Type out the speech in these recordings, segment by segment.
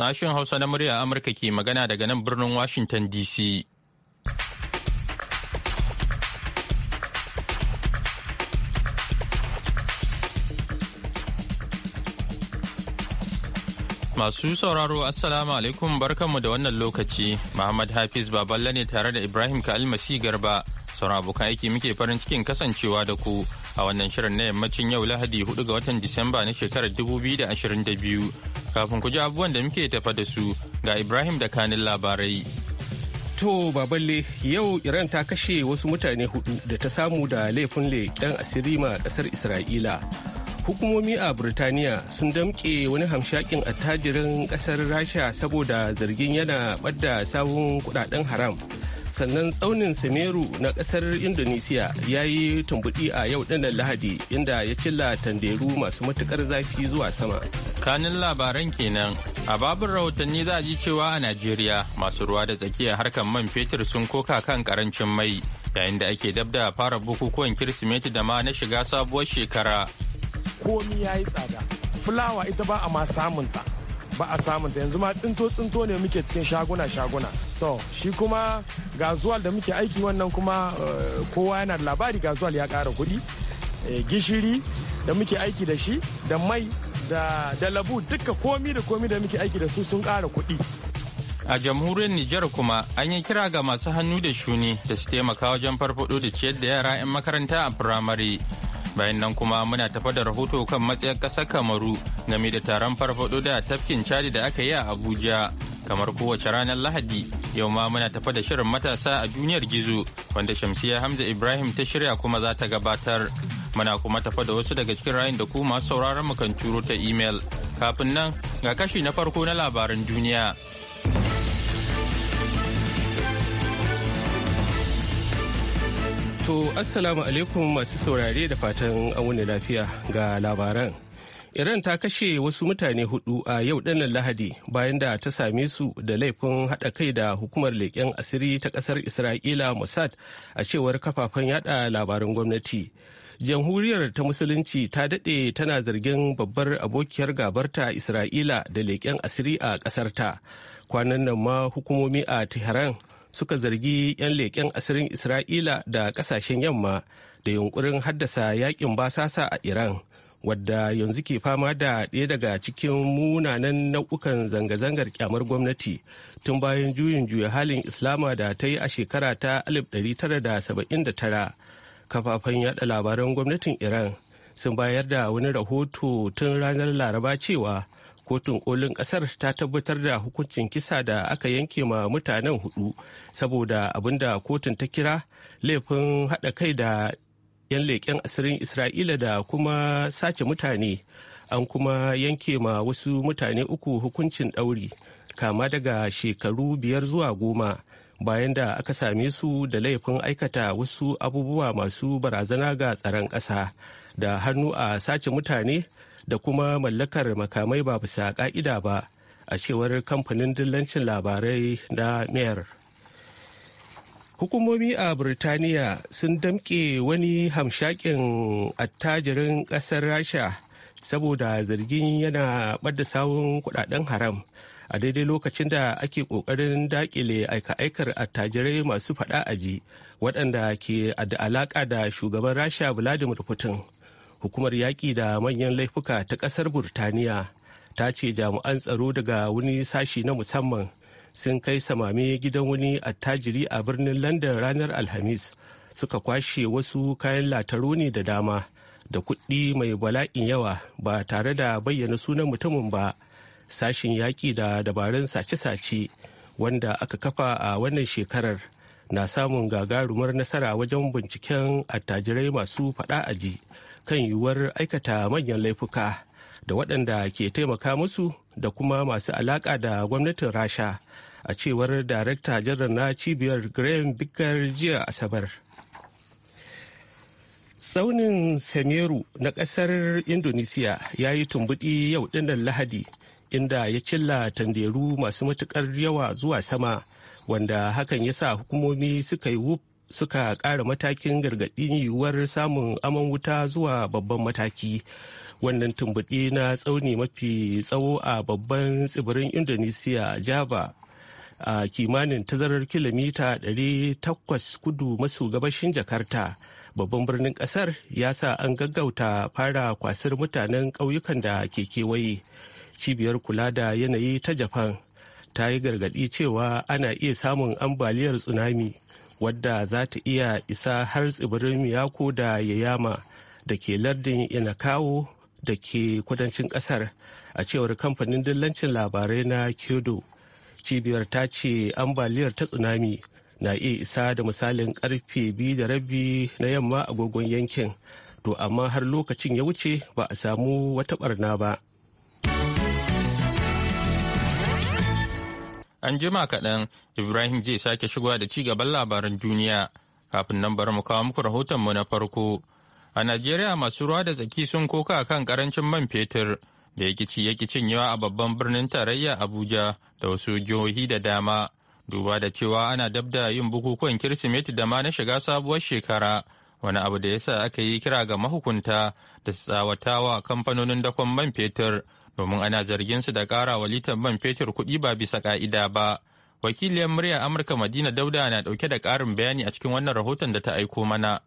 Sashen Hausa na murya Amurka ke magana daga nan birnin Washington DC. Masu sauraro Assalamu alaikum barkanmu da wannan lokaci. Muhammad Hafiz Baballe ne tare da Ibrahim Kalmasi Garba. Sauran abokan aiki muke farin cikin kasancewa da ku a wannan shirin na yammacin yau Lahadi 4 ga watan Disamba na shekarar 2022. Kafin ku ji abubuwan da muke tafa da su ga Ibrahim da kanin labarai. To baballe yau Iran ta kashe wasu mutane hudu da ta samu da laifin leƙen asiri ma ƙasar Isra'ila. Hukumomi a Burtaniya sun damƙe wani hamshakin attajirin ƙasar Rasha saboda zargin yana ɓadda sabon kuɗaɗen haram. sannan tsaunin semeru na kasar Indonesia ya yi tumbuɗi a yau ɗinnan lahadi inda ya cilla tanderu masu matukar zafi zuwa sama kanin labaran kenan a babin rahotanni za a ji cewa a najeriya masu ruwa da tsakiya harkar man fetur sun koka kan karancin mai yayin da ake dab da fara bukukuwan kirsimeti da ma na shiga sabuwar shekara komi ya yi tsada fulawa ita ba a ma samunta ba a samunta yanzu ma tsinto tsinto ne muke cikin shaguna shaguna to shi kuma gazuwal da muke aiki wannan kuma eh, kowa yana da labari gazuwal ya kara kudi eh, gishiri da muke aiki da shi da mai da labu duka komi da komi da muke aiki da su sun kara kudi. a jamhuriyar Nijar kuma an yi kira ga masu hannu da shuni da su taimaka wajen farfado da ciyar da yara 'yan makaranta a firamare bayan nan kuma muna tafa da rahoto kan matsayin ƙasar kamaru game da taron farfaɗo da tafkin cadi da aka yi a abuja kamar kowace ranar lahadi yau ma muna tafa da shirin matasa a duniyar gizo wanda shamsiya hamza ibrahim ta shirya kuma za ta gabatar muna kuma tafa da wasu daga cikin rayun da ku masu sauraron mu kan turo ta imel kafin nan ga kashi na farko na labaran duniya To, Assalamu alaikum masu saurare da fatan an wuni lafiya ga labaran. Iran ta kashe wasu mutane hudu a yau ɗanan Lahadi bayan da ta same su da laifin haɗa kai da hukumar leƙen asiri ta ƙasar Isra'ila Mossad a cewar kafafen yada labaran gwamnati. Jamhuriyar ta Musulunci ta daɗe tana zargin babbar abokiyar gabarta Isra'ila da leƙen asiri a ƙasarta. Kwanan nan ma hukumomi a Tehran suka zargi 'yan leƙen asirin Isra'ila da ƙasashen yamma da yunkurin haddasa yakin basasa a Iran, wadda yanzu ke fama da ɗaya daga cikin munanan nau'ukan zanga-zangar kyamar gwamnati tun bayan juyin juya halin Islama da ta yi a shekara ta 1979. Kafafen yada labaran gwamnatin Iran sun bayar da wani rahoto tun ranar Laraba cewa kotun kolin kasar ta tabbatar da hukuncin kisa da aka yanke ma mutanen hudu saboda abin da kotun ta kira laifin haɗa kai da 'yan leƙen asirin isra'ila da kuma sace mutane an kuma yanke ma wasu mutane uku hukuncin ɗauri kama daga shekaru biyar zuwa goma bayan da aka same su da laifin aikata wasu abubuwa masu barazana ga tsaron ƙasa da hannu a sace mutane da kuma mallakar makamai ba bisa ka'ida ba a cewar kamfanin dillancin labarai na mayor hukumomi a birtaniya sun damƙe wani hamshakin attajirin ƙasar rasha saboda zargin yana ɓadda sawun kudaden haram a daidai lokacin da ake ƙoƙarin daƙile aika-aikar attajirai masu faɗa aji waɗanda ke da alaƙa da shugaban rasha vladimir putin hukumar yaƙi da manyan laifuka ta ƙasar burtaniya ta ce jami'an tsaro daga wani sashi na musamman sun kai samame gidan wani attajiri a birnin london ranar alhamis suka kwashe wasu kayan lataro ne da dama da kuɗi mai bala'in yawa ba tare da bayyana sunan mutumin ba sashin yaƙi da dabarun sace-sace wanda aka kafa a wannan shekarar na samun gagarumar nasara wajen binciken attajirai masu faɗa aji kan yiwuwar aikata manyan laifuka da waɗanda ke taimaka musu da kuma masu alaƙa da gwamnatin rasha a cewar darakta janar na cibiyar graham biggar jiya asabar tsaunin semeru na ƙasar indonesiya ya yi tumbuɗi yau ɗinnan lahadi inda ya cilla tanderu masu matuƙar yawa zuwa sama wanda hakan ya sa hukumomi suka yi wuf suka ƙara matakin gargaɗin yiwuwar samun aman wuta zuwa babban mataki wannan tumbuɗi na tsauni mafi tsawo a babban tsibirin Indonesia, java a kimanin tazarar kilomita 800 kudu maso gabashin jakarta babban birnin ƙasar ya sa an gaggauta fara kwasar mutanen ƙauyukan da ke kewaye cibiyar kula da yanayi ta japan ta yi gargaɗi cewa ana iya samun ambaliyar tsunami wadda za ta iya isa har tsibirin miyako da yayama da ke lardin inakawo da ke kudancin kasar a cewar kamfanin dillancin labarai na kyodo cibiyar ta ce ambaliyar ta tsunami na iya isa da misalin karfe biyu da rabi na yamma agogon yankin to amma har lokacin ya wuce ba a samu wata barna ba An jima kaɗan Ibrahim zai sake shigowa da ci gaban labaran duniya kafin nan bari mu kawo muku mu na farko. A Najeriya masu ruwa da tsaki sun koka kan karancin man fetur da ya kici ya cinyewa a babban birnin tarayya Abuja da wasu jihohi da dama. Duba da cewa ana dab da yin bukukuwan Kirsimeti da ma na shiga sabuwar shekara. wani abu da yasa aka yi kira ga mahukunta da tsawatawa kamfanonin dakon man fetur domin ana zargin su da kara wa litan man fetur kuɗi ba bisa ƙa'ida ba. Wakiliyar murya Amurka Madina Dauda na ɗauke da ƙarin bayani a cikin wannan rahoton da ta aiko mana.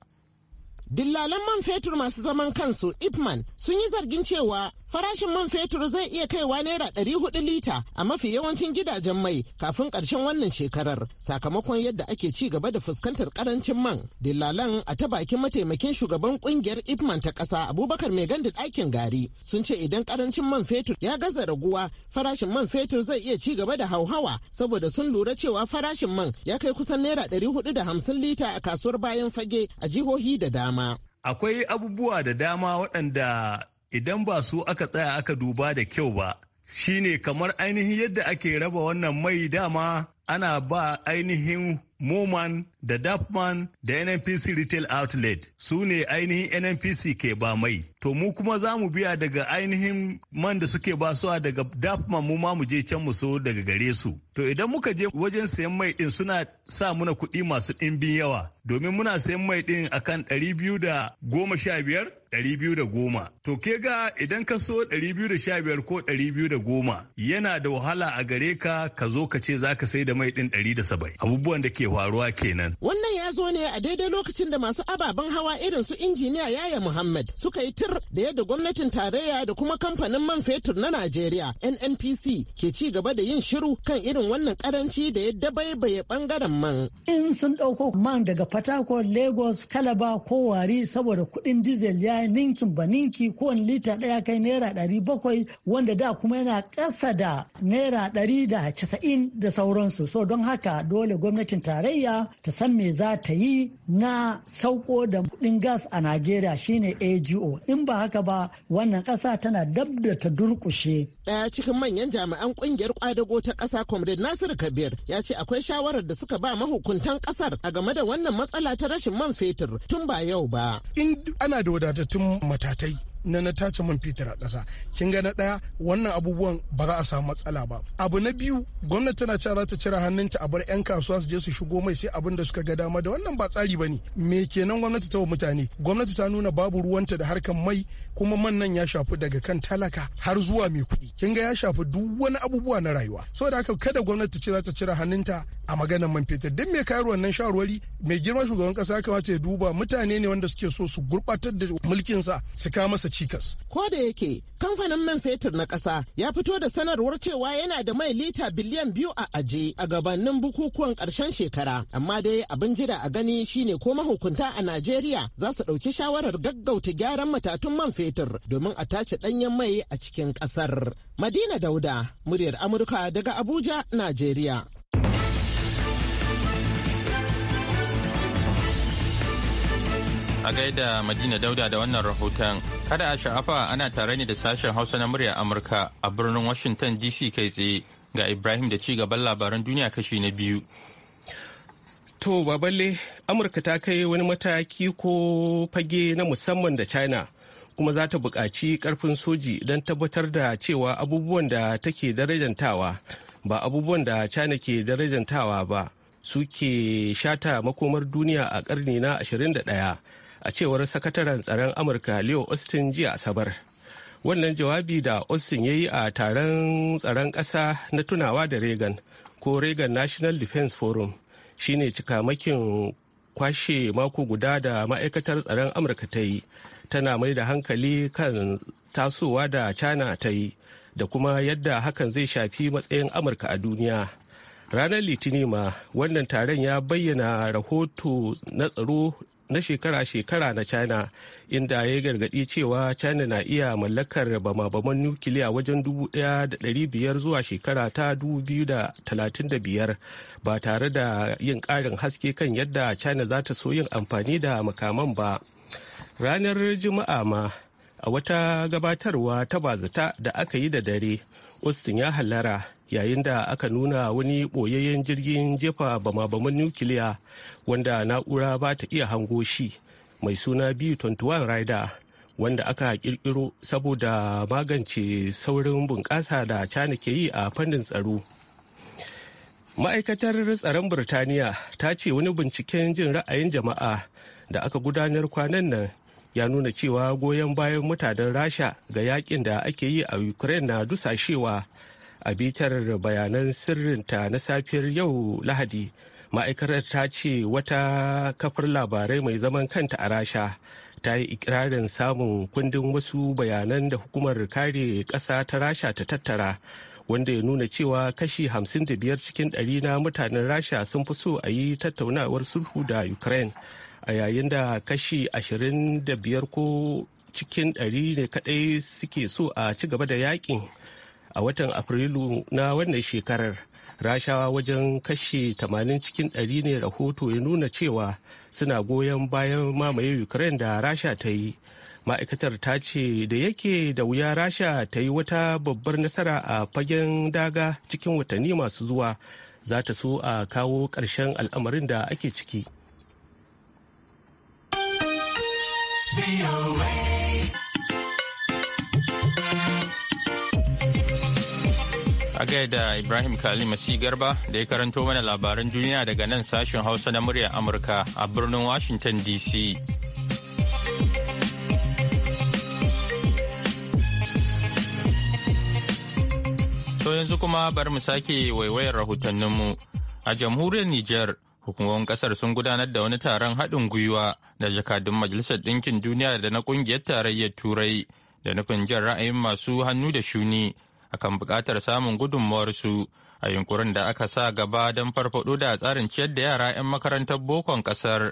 Dillalan man fetur masu zaman kansu Ipman sun yi zargin cewa Farashin man fetur zai iya kaiwa naira ɗari hudu lita a mafi yawancin gidajen mai kafin ƙarshen wannan shekarar sakamakon yadda ake ci gaba da fuskantar ƙarancin man. Dillalan a ta bakin mataimakin shugaban ƙungiyar Ipman ta ƙasa Abubakar Mai gandu ɗakin gari sun ce idan ƙarancin man fetur ya gaza raguwa farashin man fetur zai iya ci gaba da hauhawa saboda sun lura cewa farashin man ya kai kusan naira ɗari hudu da hamsin lita a kasuwar bayan fage a jihohi da dama. akwai abubuwa da dama waɗanda idan ba su aka tsaya aka duba da kyau ba shine kamar ainihin yadda ake raba wannan mai dama ana ba ainihin moman da dapman da nnpc retail outlet su ne ainihin nnpc ke ba mai to mu kuma za mu biya daga ainihin man da suke basuwa daga dapman mu ma mu je can mu so daga gare su to idan muka je wajen sayan mai din suna sa muna kuɗi masu ɗimbin yawa domin muna sayan mai din akan ɗari biyu da goma sha biyar 210 to ke ga idan ka so 215 ko 210 yana da wahala a gare ka ka zo ka ce zaka sai da mai din 170 abubuwan da ke faruwa kenan wannan ya zo ne a daidai lokacin da masu ababen hawa irin su injiniya yaya muhammad suka yi tir da yadda gwamnatin tarayya da kuma kamfanin man fetur na najeriya nnpc ke ci gaba da yin shiru kan irin wannan karanci da ya dabaibaye bangaren man in sun ɗauko man daga fatako lagos kalaba ko wari saboda kuɗin diesel ya kayan ninkin ba ninki kowane lita ɗaya kai naira ɗari bakwai wanda da kuma yana ƙasa da naira ɗari da casa'in da sauransu so don haka dole gwamnatin tarayya ta san me za ta yi na sauko da kuɗin gas a najeriya shine ago in ba haka ba wannan ƙasa tana dab da ta durƙushe ɗaya cikin manyan jami'an ƙungiyar kwadago ta ƙasa comrade nasir kabir ya ce akwai shawarar da suka ba mahukuntan ƙasar a game da wannan matsala ta rashin man fetur tun ba yau ba in ana da wadatattun Tun matatai na na tace man fetur a ƙasa kin ga na ɗaya wannan abubuwan ba za a samu matsala ba abu na biyu gwamnati tana cewa za ta cire hannunta a bar 'yan kasuwa su je su shigo mai sai abin da suka ga dama da wannan ba tsari ba ne me kenan gwamnati ta wa mutane gwamnati ta nuna babu ruwanta da harkan mai kuma man nan ya shafi daga kan talaka har zuwa mai kuɗi kin ga ya shafi duk wani abubuwa na rayuwa saboda haka kada gwamnati ce za ta cire hannunta a maganar man fetur duk mai kayar wannan shawarwari mai girma shugaban kasa ya kamata ya duba mutane ne wanda suke so su gurɓatar da mulkin sa su kama masa cikas. Ko da yake kamfanin man fetur na ƙasa ya fito da sanarwar cewa yana da mai lita biliyan biyu a aje a gabanin bukukuwan ƙarshen shekara amma dai abin jira a gani shine ko mahukunta a Najeriya za su ɗauki shawarar gaggauta gyaran matatun man fetur domin a tace ɗanyen mai a cikin ƙasar. Madina Dauda, muryar Amurka daga Abuja, Najeriya. a gaida madina dauda da wannan rahoton Kada a sha'afa ana tare ne da sashen Hausa na murya Amurka a birnin Washington DC kai tsaye ga Ibrahim da ci gaban labaran duniya kashi na biyu. To baballe Amurka ta kai wani mataki ko fage na musamman da China kuma za ta buƙaci ƙarfin soji don tabbatar da cewa abubuwan da take darajantawa ba abubuwan da China ke darajantawa ba suke shata makomar duniya a ƙarni na 21. a cewar sakataren tsaron amurka leo austin jiya asabar wannan jawabi da austin ya yi a taron tsaron ƙasa na tunawa da reagan ko reagan national defense forum shine cikamakin kwashe mako guda da ma'aikatar tsaron amurka ta yi tana mai da hankali kan tasowa da china ta yi da kuma yadda hakan zai shafi matsayin amurka a duniya ranar litini ma wannan taron ya bayyana rahoto na tsaro na shekara-shekara na china inda ya gargaɗi cewa china na iya mallakar bama-baman nukiliya wajen 1,500 zuwa shekara ta 2035 ba tare da yin ƙarin haske kan yadda china za ta so yin amfani da makaman ba ranar juma'a ma a wata gabatarwa ta bazata da aka yi da dare austin ya hallara yayin da aka nuna wani ɓoyayyen jirgin jefa bama-baman nukiliya wanda na'ura ba ta iya hango shi mai suna b 21 rider wanda aka kirkiro saboda magance saurin bunƙasa da cana ke yi a fannin tsaro ma'aikatar tsaron birtaniya ta ce wani binciken jin ra'ayin jama'a da aka gudanar kwanan nan ya nuna cewa goyon bayan mutanen rasha ga yakin da ake yi a ukraine na dusashewa a bitar bayanan sirrinta na safiyar yau lahadi ma'aikatar ta ce wata kafar labarai mai zaman kanta a rasha ta yi ikirarin samun kundin wasu bayanan da hukumar kare ƙasa ta rasha ta tattara wanda ya nuna cewa kashi 55 cikin 100 na mutanen rasha sun fi so a yi tattaunawar sulhu da ukraine a yayin da kashi 25 ko cikin 100 ne kadai suke so a ci gaba da yakin a watan afrilu na wannan shekarar rashawa wajen kashe 80 cikin 100 ne rahoto ya nuna cewa suna goyon bayan mamaye ukraine da rasha ta yi ma'aikatar ta ce da yake da wuya rasha ta yi wata babbar nasara a fagen daga cikin watanni masu zuwa za ta so a kawo ƙarshen al'amarin da ake ciki. A da Ibrahim Kalima Garba da ya karanto mana labaran duniya daga nan sashen Hausa na muryar Amurka a birnin Washington DC. To yanzu kuma bar mu sake waiwayar rahotanninmu. A jamhuriyar Nijar, hukumomin kasar sun gudanar da wani taron haɗin gwiwa da jakadun Majalisar Ɗinkin Duniya da na Ƙungiyar Tarayyar Turai da nufin jan ra'ayin masu hannu da shuni akan buƙatar samun su a yunkurin da aka sa gaba don farfaɗo da tsarin ciyar da yara 'yan makarantar bokon ƙasar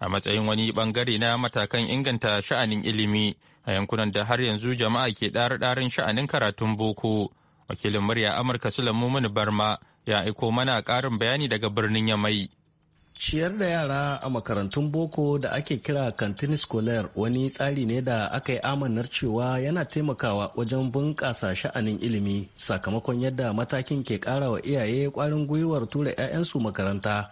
a matsayin wani ɓangare na matakan inganta sha'anin ilimi a yankunan da har yanzu jama'a ke ɗare ɗarin sha'anin karatun boko wakilin murya amurka sulamu barma ya aiko mana ƙarin bayani daga birnin yamai Ciyar da yara a makarantun boko da ake kira kantin scholar wani tsari ne da aka yi amanar cewa yana taimakawa wajen bunƙasa sha'anin ilimi sakamakon yadda matakin ke ƙara wa iyaye ƙwarin gwiwar tura 'ya'yansu makaranta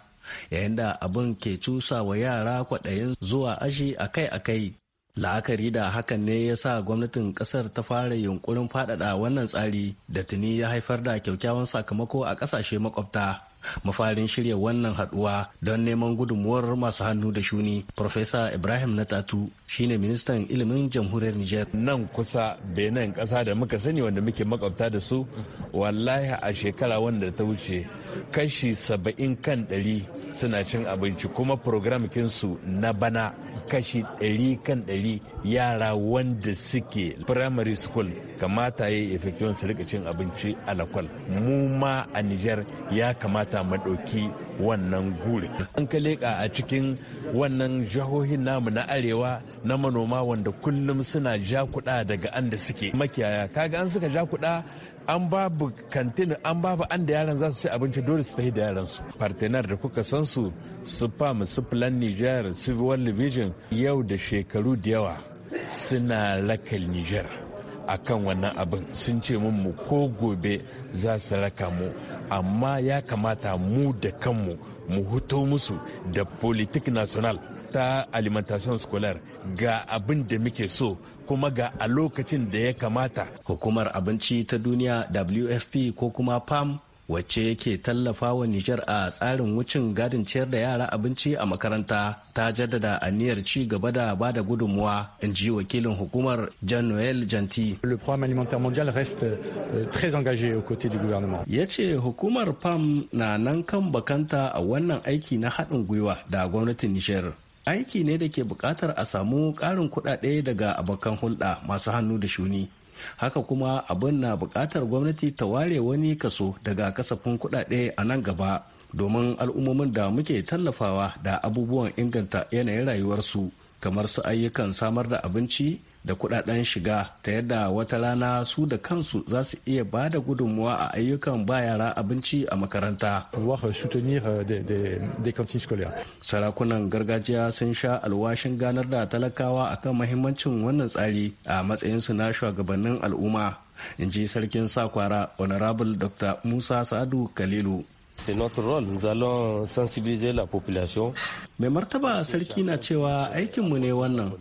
yayin da abin ke cusa wa yara kwaɗayin zuwa aji akai-akai. La'akari da hakan ne ya sa gwamnatin kasar ta fara yunkurin faɗaɗa wannan tsari da tuni ya haifar da kyakkyawan sakamako a ƙasashe makwabta. mafarin shirya wannan haduwa don neman gudunmuwar masu hannu da shuni profesa ibrahim natatu shine ministan ilimin jamhuriyar niger nan kusa benin kasa da muka sani wanda muke makwabta da su wallahi a shekara wanda ta wuce kashi saba'in kan ɗari suna cin abinci kuma program na bana kashi ɗari kan ɗari yara wanda suke primary school kamata ya yi effectively su rika cin abinci alakwal mu ma a nijar ya kamata mu ɗauki wannan guri an ka leƙa a cikin wannan jihohin namu na arewa na manoma wanda kullum suna jakuɗa daga an da suke makiyaya kaga an suka jakuɗa an babu kantin an babu an yaran za su ci abinci dole su tafi da yaran su partenar da kuka san su su fam su plan niger civil division yau da shekaru da yawa suna lakal niger a kan wannan abin sun ce mun mu ko gobe za su raka mu amma ya kamata mu da kanmu mu huto musu da politik national ta alimentation scolaire ga abin da muke so kuma ga a lokacin da ya kamata. Hukumar abinci ta duniya WFP ko kuma PAM wacce yake tallafa wa Nijar a tsarin wucin gadin ciyar da yara abinci a makaranta ta jaddada aniyar ci gaba da ba da gudunmuwa in ji wakilin hukumar Jean Noel Janti. Le programme alimentaire mondial reste euh, très engagé aux côtés du gouvernement. Ya ce hukumar PAM na nan kan bakanta a wannan aiki na haɗin gwiwa da gwamnatin Nijar. Aiki ne da ke bukatar a samu ƙarin kuɗaɗe daga abokan hulɗa masu hannu da shuni. haka kuma abin na bukatar gwamnati ta ware wani kaso daga kasafin kudade a nan gaba domin al'ummomin da muke tallafawa da abubuwan inganta yanayin rayuwarsu kamar su ayyukan samar da abinci da kudaden shiga ta yadda wata rana su da kansu za su iya ba da gudunmuwa a ayyukan ba yara abinci a makaranta. Euh, euh, Sarakunan gargajiya sun sha alwashin ganar da talakawa akan mahimmancin wannan tsari a matsayinsu na shugabannin al'umma. in ji sarkin sakwara honorable dr musa sadu kalilu c'est notre rôle nous allons sensibiliser la population mai martaba sarki na cewa aikinmu ne wannan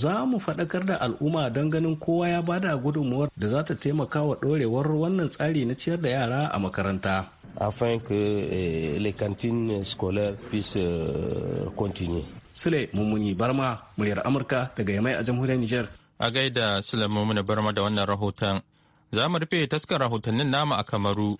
za mu faɗakar da al'umma don ganin kowa ya bada gudunmuwar da za ta taimaka wa ɗorewar wannan tsari na ciyar da yara a makaranta afin que eh, les cantines scolaires puissent euh, continuer sule mummuni barma muryar amurka daga yamai a jamhuriyar niger a gaida sule mummuni barma da wannan rahoton za mu rufe taskar rahotannin nama a kamaru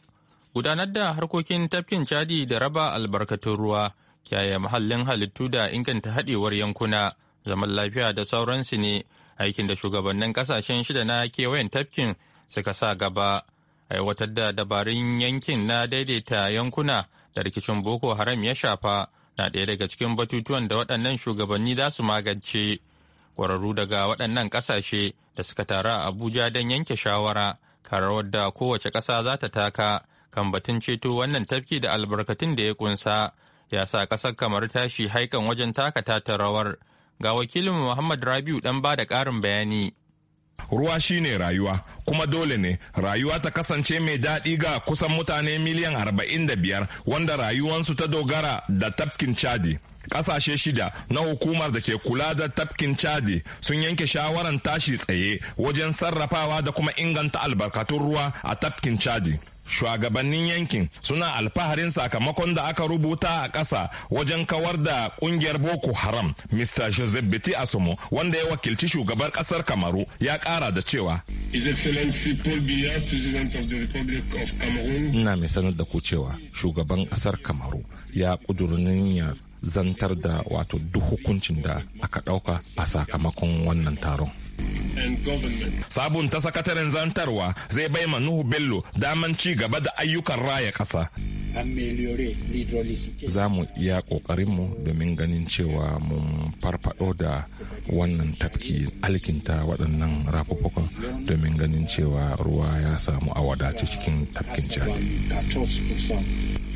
gudanar da harkokin tafkin chadi da raba albarkatun ruwa kyaye muhallin halittu da inganta haɗewar yankuna zaman lafiya da sauransu ne aikin da shugabannin kasashen shida na kewayen tafkin suka sa gaba aiwatar da dabarun yankin na daidaita yankuna da rikicin boko haram ya shafa na ɗaya daga cikin batutuwan da waɗannan shugabanni za su magance ƙwararru daga waɗannan ƙasashe da suka taru a abuja don yanke shawara karawar da kowace ƙasa za ta taka kan batun ceto wannan tafki da albarkatun da ya kunsa ya sa ƙasar kamar tashi haikan wajen takata ta rawar ga wakilin muhammad rabiu dan ba da ƙarin bayani ruwa shine rayuwa kuma dole ne rayuwa ta kasance mai daɗi ga kusan mutane miliyan 45 wanda rayuwansu ta dogara da tafkin chadi kasashe shida na hukumar da ke kula da tafkin chadi sun yanke shawaran tashi tsaye wajen sarrafawa da kuma inganta albarkatun ruwa a tafkin chadi shugabannin yankin suna alfaharin sakamakon da aka rubuta a ƙasa wajen kawar da ƙungiyar boko haram mr joseph biti asomo wanda ya wakilci shugaban ƙasar kamaru ya ƙara da cewa ina mai sanar da ku cewa shugaban ƙasar kamaru ya ƙudurin zantar da wato duk hukuncin da aka ɗauka a sakamakon wannan taron Sabunta sakataren zantarwa zai bai ma Nuhu Bello daman ci gaba da ayyukan raya ƙasa. za mu iya ƙoƙarinmu domin ganin cewa mun farfado da wannan tafki alkinta waɗannan rafuffukan domin ganin cewa ruwa ya samu a wadace cikin tafkin jari.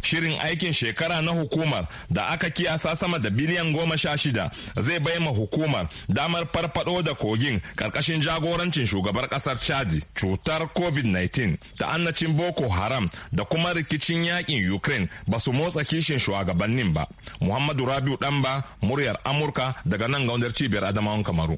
shirin aikin shekara na hukumar da aka kiyasa sama da biliyan goma sha shida zai bai ma hukumar damar farfado da kogin ƙarƙashin jagorancin shugabar kasar chadi cutar covid-19 ta annacin boko haram da kuma rikicin yakin ukraine ba su motsa kishin shugabannin ba muhammadu rabiu ɗanba muryar amurka daga nan gaunar cibiyar adamawan kamaru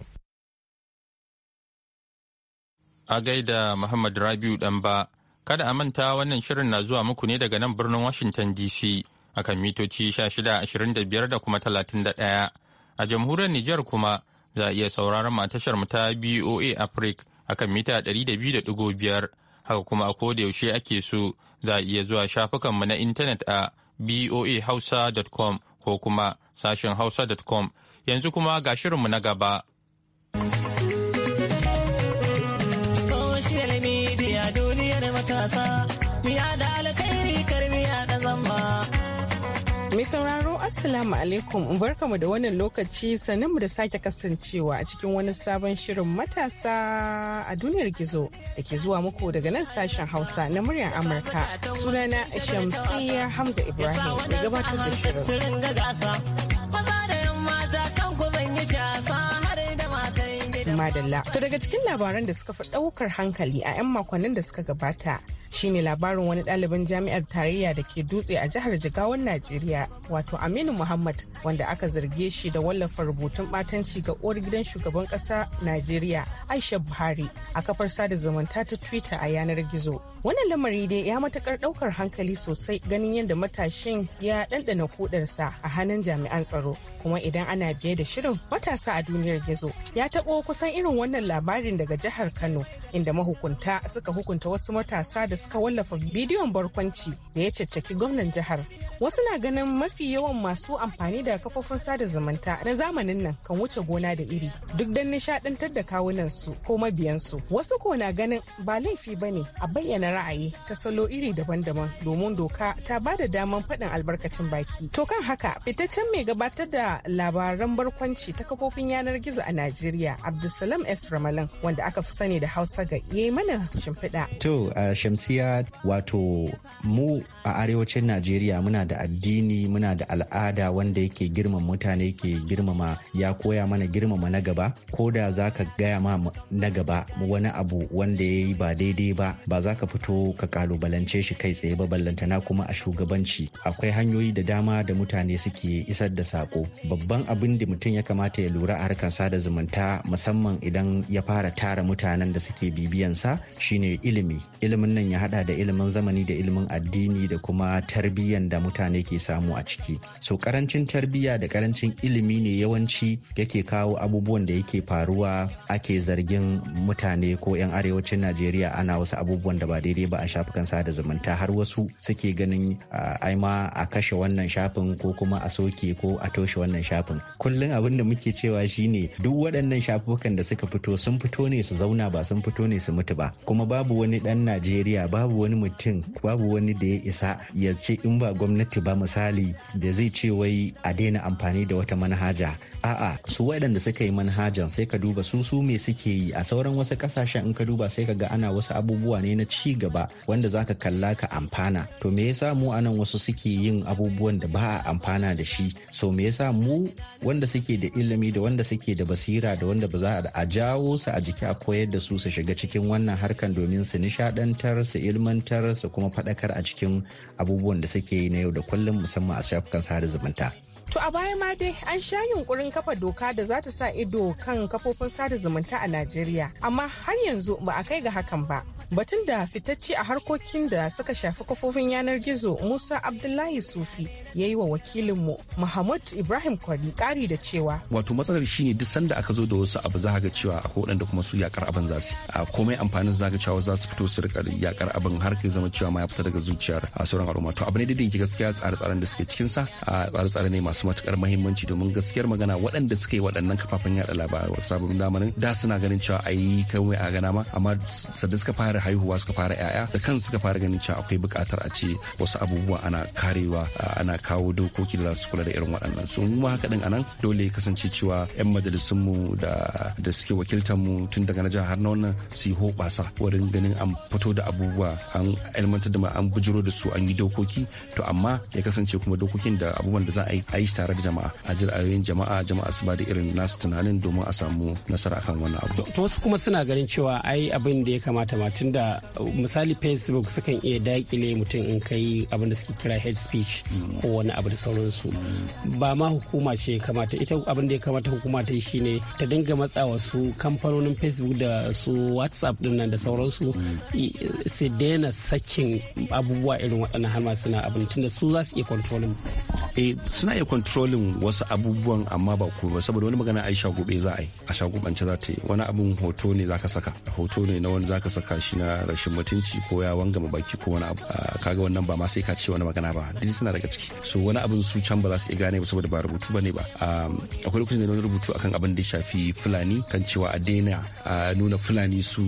a gaida muhammad rabiu ɗanba kada a manta wannan shirin na zuwa muku ne daga nan birnin washington dc akan mitoci 1625 da kuma talatin da 31 a jamhuriyar nijar kuma za a iya sauraron mu a tashar mu ta boa africa akan mita 200.5 haka kuma a koda yaushe ake so za a iya zuwa shafukanmu na intanet a boahausa.com ko kuma sashen hausa.com yanzu kuma ga shirinmu na gaba. Assalamu alaikum barkamu da wannan lokaci mu da sake kasancewa a cikin wani sabon shirin matasa a duniyar gizo da ke zuwa muku daga nan sashen Hausa na muryar Amurka. Sunana Shamsiyya Hamza Ibrahim da gabatar da shirin. madalla. To daga cikin labaran da suka fi ɗaukar hankali a 'yan makonnin da suka gabata shine labarin wani ɗaliban jami'ar tarayya da ke dutse a jihar Jigawan Najeriya wato Aminu Muhammad wanda aka zarge shi da wallafa rubutun ɓatanci ga uwar gidan shugaban ƙasa Najeriya Aisha Buhari a kafar sada zumunta ta Twitter a yanar gizo. Wannan lamari dai ya matakar ɗaukar hankali sosai ganin yadda matashin ya ɗanɗana kudarsa a hannun jami'an tsaro kuma idan ana biye da shirin matasa a duniyar gizo ya taɓo kusan san irin wannan labarin daga jihar Kano inda mahukunta suka hukunta wasu matasa da suka wallafa bidiyon barkwanci da ya caccaki gwamnan jihar. Wasu na ganin mafi yawan masu amfani da kafofin sada zumunta na zamanin nan kan wuce gona da iri duk don nishadantar da kawunan su ko mabiyansu. Wasu ko na ganin ba laifi ba ne a bayyana ra'ayi ta salo iri daban-daban domin doka ta ba da daman faɗin albarkacin baki. To kan haka fitaccen mai gabatar da labaran barkwanci ta kafofin yanar gizo a Najeriya Abdul Salam S. Ramalan wanda aka fi sani da Hausa ga yi mana shimfiɗa. To Shamsiya wato mu a arewacin Najeriya muna da addini muna da al'ada wanda yake girmama mutane yake girmama ya koya mana girmama na gaba ko da za ka gaya ma na gaba wani abu wanda ya yi ba daidai ba ba za ka fito ka kalubalance shi kai tsaye ba ballantana kuma a shugabanci akwai hanyoyi da dama da mutane suke isar da sako babban abin da mutum ya kamata ya lura a harkar sada zumunta musamman musamman idan ya fara tara mutanen da suke bibiyansa shine ilimi ilimin nan ya hada da ilimin zamani da ilimin addini da kuma tarbiyyan da mutane ke samu a ciki so karancin tarbiyya da karancin ilimi ne yawanci yake kawo abubuwan da yake faruwa ake zargin mutane ko 'yan arewacin najeriya ana wasu abubuwan da ba daidai ba a shafukan sada zumunta har wasu suke ganin ah, ai ma a kashe wannan shafin ko kuma a soke ko a toshe wannan shafin kullum abin da muke cewa shine duk waɗannan shafukan waɗanda suka fito sun fito ne su zauna ba sun fito ne su mutu ba kuma babu wani ɗan najeriya babu wani mutum babu wani da ya isa ya ce in ba gwamnati ba misali da zai ce wai a daina amfani da wata manhaja a'a su waɗanda suka yi manhajan sai ka duba su su me suke yi a sauran wasu ƙasashen in ka duba sai ka ga ana wasu abubuwa ne na ci gaba wanda zaka kalla ka amfana to me yasa mu anan wasu suke yin abubuwan da ba a amfana da shi so me yasa mu wanda suke da ilimi da wanda suke da basira da wanda ba za a a jawo su a jiki a koyar da su su shiga cikin wannan harkan domin su nishadantar su ilmantar su kuma faɗakar a cikin abubuwan da suke yi na yau da kullum musamman a shafukan sada zumunta. To a baya ma dai an sha yunkurin kafa doka da za ta sa ido kan kafofin sada zumunta a Najeriya, amma har yanzu ba a kai ga hakan ba. Batun da fitacce a harkokin da suka shafi kafofin yanar gizo Musa Abdullahi Sufi ya yi wa wakilinmu Muhammad Ibrahim Kwari kari da cewa. Wato matsalar shi ne duk sanda aka zo da wasu abu za ga cewa akwai waɗanda kuma su yakar abin za su. A komai amfanin za ga cewa za su fito su rika yakar abin har kai zama cewa ma ya fita daga zuciyar a sauran al'umma. To abu ne da gaskiya tsare-tsaren da suke cikinsa a tsare-tsare ne masu masu matukar mahimmanci domin gaskiyar magana waɗanda suka yi waɗannan kafafen yada labarai sabon damanin da suna ganin cewa ayi kai mai a gana ma amma sadda suka fara haihuwa suka fara yaya da kansu suka fara ganin cewa akwai buƙatar a ce wasu abubuwa ana karewa ana kawo dokoki da za su kula da irin waɗannan su mu ma haka din anan dole ya kasance cewa 'yan majalisun mu da da suke wakiltar mu tun daga na jihar har na wannan su yi hoɓasa wurin ganin an fito da abubuwa an ilmantar da an bujiro da su an yi dokoki to amma ya kasance kuma dokokin da abubuwan da za a yi shi tare da jama'a a ji ra'ayoyin jama'a jama'a su ba da irin nasu tunanin domin a samu nasara akan wannan abu to wasu kuma suna ganin cewa ai abin da ya kamata ma tunda uh, misali facebook sukan iya dakile mutum in kai abin da suke kira hate speech mm. ko wani abu da sauransu mm. ba ma hukuma ce kamata ita abin da ya kamata hukuma ta yi shine ta dinga matsa wasu kamfanonin facebook da su whatsapp din nan da sauransu mm. su daina sakin abubuwa irin waɗannan har ma suna abin tunda su za su iya kwantolin eh, suna iya controlling wasu abubuwan amma ba komai saboda wani magana ai gobe za a yi a shagubance za ta yi wani abun hoto ne zaka saka hoto ne na wani zaka saka shi na rashin mutunci ko ya wanga baki ko wani abu ah, kaga wannan ba ma sai ka ce wani magana ba duk suna daga ciki so wani abun su can ba za su iya gane ba saboda ba rubutu bane ba akwai lokacin da wani rubutu akan abin da shafi fulani kan cewa a daina nuna fulani su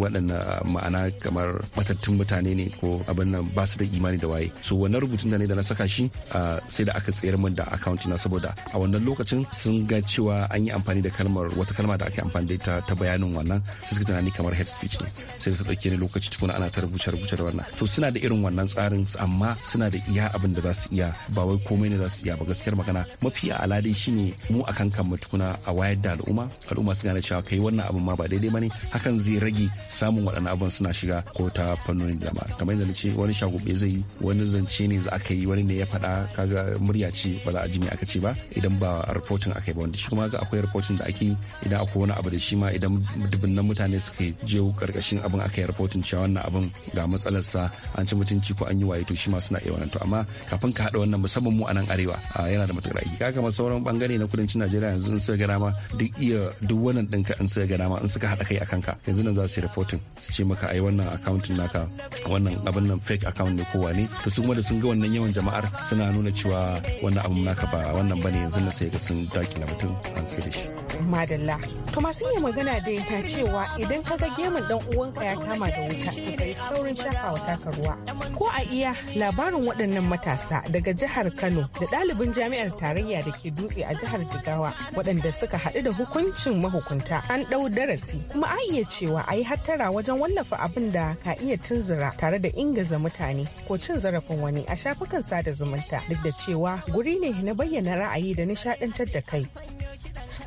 waɗannan ah, ma'ana kamar batattun mutane ne ko abin nan ba su da imani da waye so wannan rubutun da ne da na saka shi ah, sai da aka tsayar min da account na saboda a wannan lokacin sun ga cewa an yi amfani da kalmar wata kalma da ake amfani da ita ta bayanin wannan sai suka tunani kamar head speech ne sai su dauke ni lokaci tukuna ana ta rubuce rubuce da wannan to suna da irin wannan tsarin amma suna da iya abin da za su iya ba wai komai ne za su iya ba gaskiyar magana mafi ala dai shine mu akan kan tukuna a wayar da al'umma al'umma su gane cewa kai wannan abin ma ba daidai bane hakan zai rage samun waɗannan abin suna shiga ko ta fannoni da dama kamar yadda na ce wani shagube zai yi wani zance ne za aka yi wani ne ya faɗa kaga murya ce ba za a ji me aka ce ba idan ba reporting aka yi ba wanda shi kuma ga akwai reporting da ake idan akwai wani abu da shi ma idan dubunnan mutane suka je karkashin abin aka yi reporting cewa wannan abin ga sa an ci mutunci ko an yi waye to shi ma suna iya wannan to amma kafin ka hada wannan musamman mu a nan arewa yana da matukar aiki kaga ma sauran bangare na kudancin Najeriya yanzu in suka gana ma duk iya duk wannan ka in suka gana ma in suka hada kai akan ka yanzu nan za su yi reporting su ce maka ai wannan accountin naka wannan abin nan fake account ne kowa ne to su kuma da sun ga wannan yawan jama'ar suna nuna cewa wannan abin naka ba wannan bane yanzu na sai ga sun na mutum an sai da shi madalla to masu iya magana da ta cewa idan ka ga gemun dan uwanka ya kama da wuta to kai saurin shafa wa taka ruwa ko a iya labarin waɗannan matasa daga jihar Kano da ɗalibin jami'ar tarayya da ke dutse a jihar Jigawa waɗanda suka haɗu da hukuncin mahukunta an ɗau darasi kuma an iya cewa a yi hattara wajen wallafa abin da ka iya tunzura tare da ingaza mutane ko cin zarafin wani a shafukan sada zumunta duk da cewa guri ne na bayyana ra'ayi da nishadantar da kai.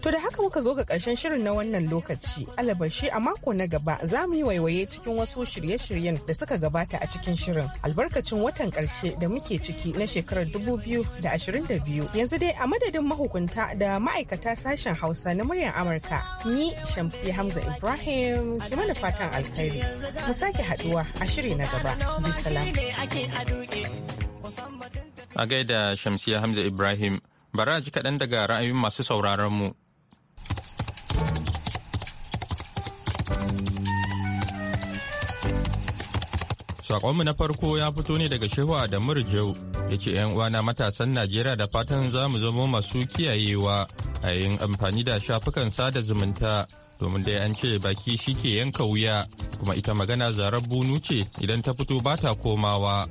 To da haka muka zo ga ƙarshen shirin na wannan lokaci, alabashi a mako na gaba za mu yi waiwaye cikin wasu shirye-shiryen da suka gabata a cikin shirin. Albarkacin watan ƙarshe da muke ciki na shekarar 2022. Yanzu dai a madadin mahukunta da ma'aikata sashen Hausa na muryar Amurka, ni Shamsi Hamza Ibrahim ke mana fatan alkhairi. Mu sake haduwa a shiri na gaba. Bisalam. A gaida Shamsiya Hamza Ibrahim, bara ji kaɗan daga ra'ayoyin masu sauraron mu. Sakonmu na farko ya fito ne daga Shehu da murja'u ya ce ‘yan uwana matasan Najeriya da fatan za mu zama masu kiyayewa a yin amfani da shafukan sada zumunta domin dai an ce baki shike yanka wuya kuma ita magana zarar bunu ce idan ta fito ba ta komawa.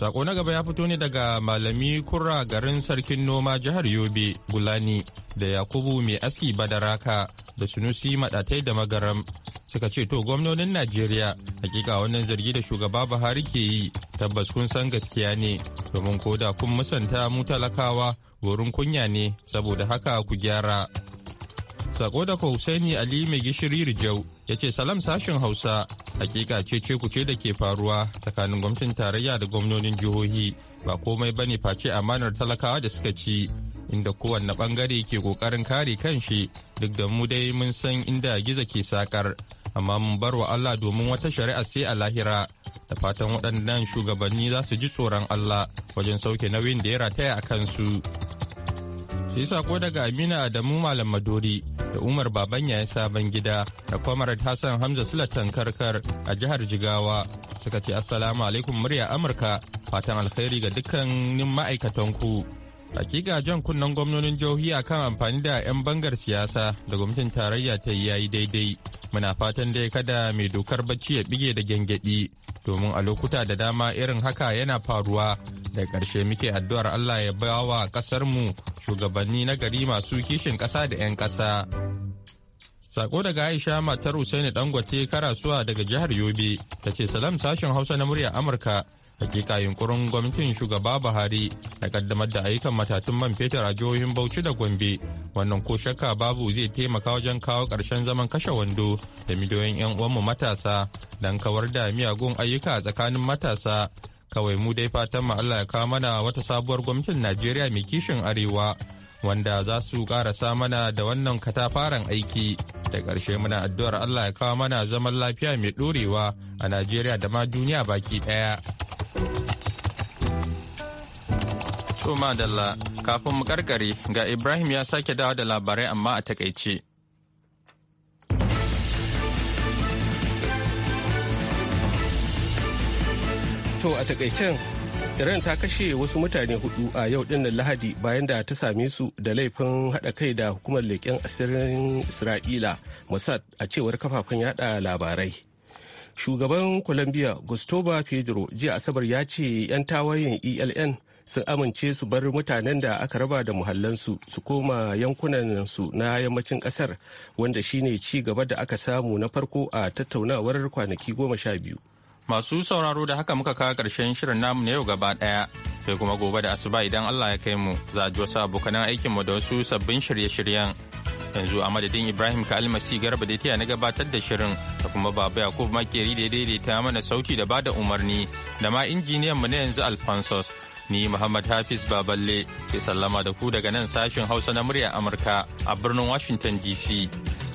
Sako na gaba ya fito ne daga Malami kura garin Sarkin Noma jihar Yobe, Gulani, da Yakubu Mai Aski Badaraka da Sunusi Maɗatai da Magaram. Suka ce to gwamnonin Najeriya hakika wannan zargi da shugaba Buhari ke yi tabbas kun san gaskiya ne domin koda kun musanta mu talakawa wurin kunya ne saboda haka ku gyara. Sako da Hussaini Ali mai gishiri Rijau ya ce salam sashen Hausa hakika ce ce ce da ke faruwa tsakanin gwamnatin tarayya da gwamnonin jihohi ba komai ba ne face amanar talakawa da suka ci inda kowanne bangare ke kokarin kare kanshi duk da mu dai mun san inda giza ke sakar amma mun bar wa Allah domin wata shari'a sai a lahira da fatan waɗannan shugabanni za su ji tsoron Allah wajen sauke nauyin da ya rataya a kansu. Yi sako daga Amina Adamu Malam Madori da Umar Babanya ya sabon gida da comrade Hassan Hamza Sulatan Karkar a jihar Jigawa suka ce Assalamu alaikum murya Amurka fatan alkhairi ga dukkanin ma'aikatan ku. hakika jan kunnen gwamnonin jihohi kan amfani da 'yan bangar siyasa da gwamnatin tarayya ta yi yayi daidai muna fatan dai kada mai dokar bacci ya bige da gyangyaɗi domin a lokuta da dama irin haka yana faruwa da ƙarshe muke addu'ar allah ya ba wa ƙasarmu shugabanni na gari masu kishin ƙasa da 'yan ƙasa Sako daga Aisha matar Usaini Dangote Karasuwa daga jihar Yobe ta ce salam sashen Hausa na murya Amurka hakika yunkurin gwamnatin shugaba buhari na kaddamar da ayyukan matatun man fetur a jihohin bauchi da gombe wannan ko shakka babu zai taimaka wajen kawo ƙarshen zaman kashe wando da miliyoyin 'yan uwanmu matasa dan kawar da miyagun ayyuka tsakanin matasa kawai mu dai fatan mu allah ya kawo mana wata sabuwar gwamnatin najeriya mai kishin arewa wanda za su karasa mana da wannan katafaren aiki da ƙarshe muna addu'ar allah ya kawo mana zaman lafiya mai ɗorewa a najeriya da ma duniya baki ɗaya to dalla kafin mu karkare ga ibrahim ya sake dawo da labarai amma a takaice to a takaicen Iran ta kashe wasu mutane hudu a yau dinnan Lahadi bayan da ta same su da laifin hada kai da hukumar leƙen asirin Isra'ila Mossad a cewar kafafen yada labarai. Shugaban Colombia Gustavo Pedro jiya Asabar ya ce 'yan tawayen ELN sun amince su bar mutanen da aka raba da muhallansu su koma yankunansu na yammacin kasar wanda shine ci gaba da aka samu na farko a tattaunawar kwanaki goma sha biyu. Masu sauraro da haka muka kawo karshen shirin namu na yau gaba ɗaya. Sai kuma gobe da asuba idan Allah ya kai mu za a ji wasu abokanan aikinmu da wasu sabbin shirye-shiryen. Yanzu a madadin Ibrahim ka almasi garba da tiya na gabatar da shirin da kuma Baba Yakub Makeri da daidaita mana sauti da bada umarni da ma injiniyan mu na yanzu Alfonsos Ni Muhammad Hafiz Baballe ke sallama da ku daga nan sashin Hausa na murya Amurka a birnin Washington DC.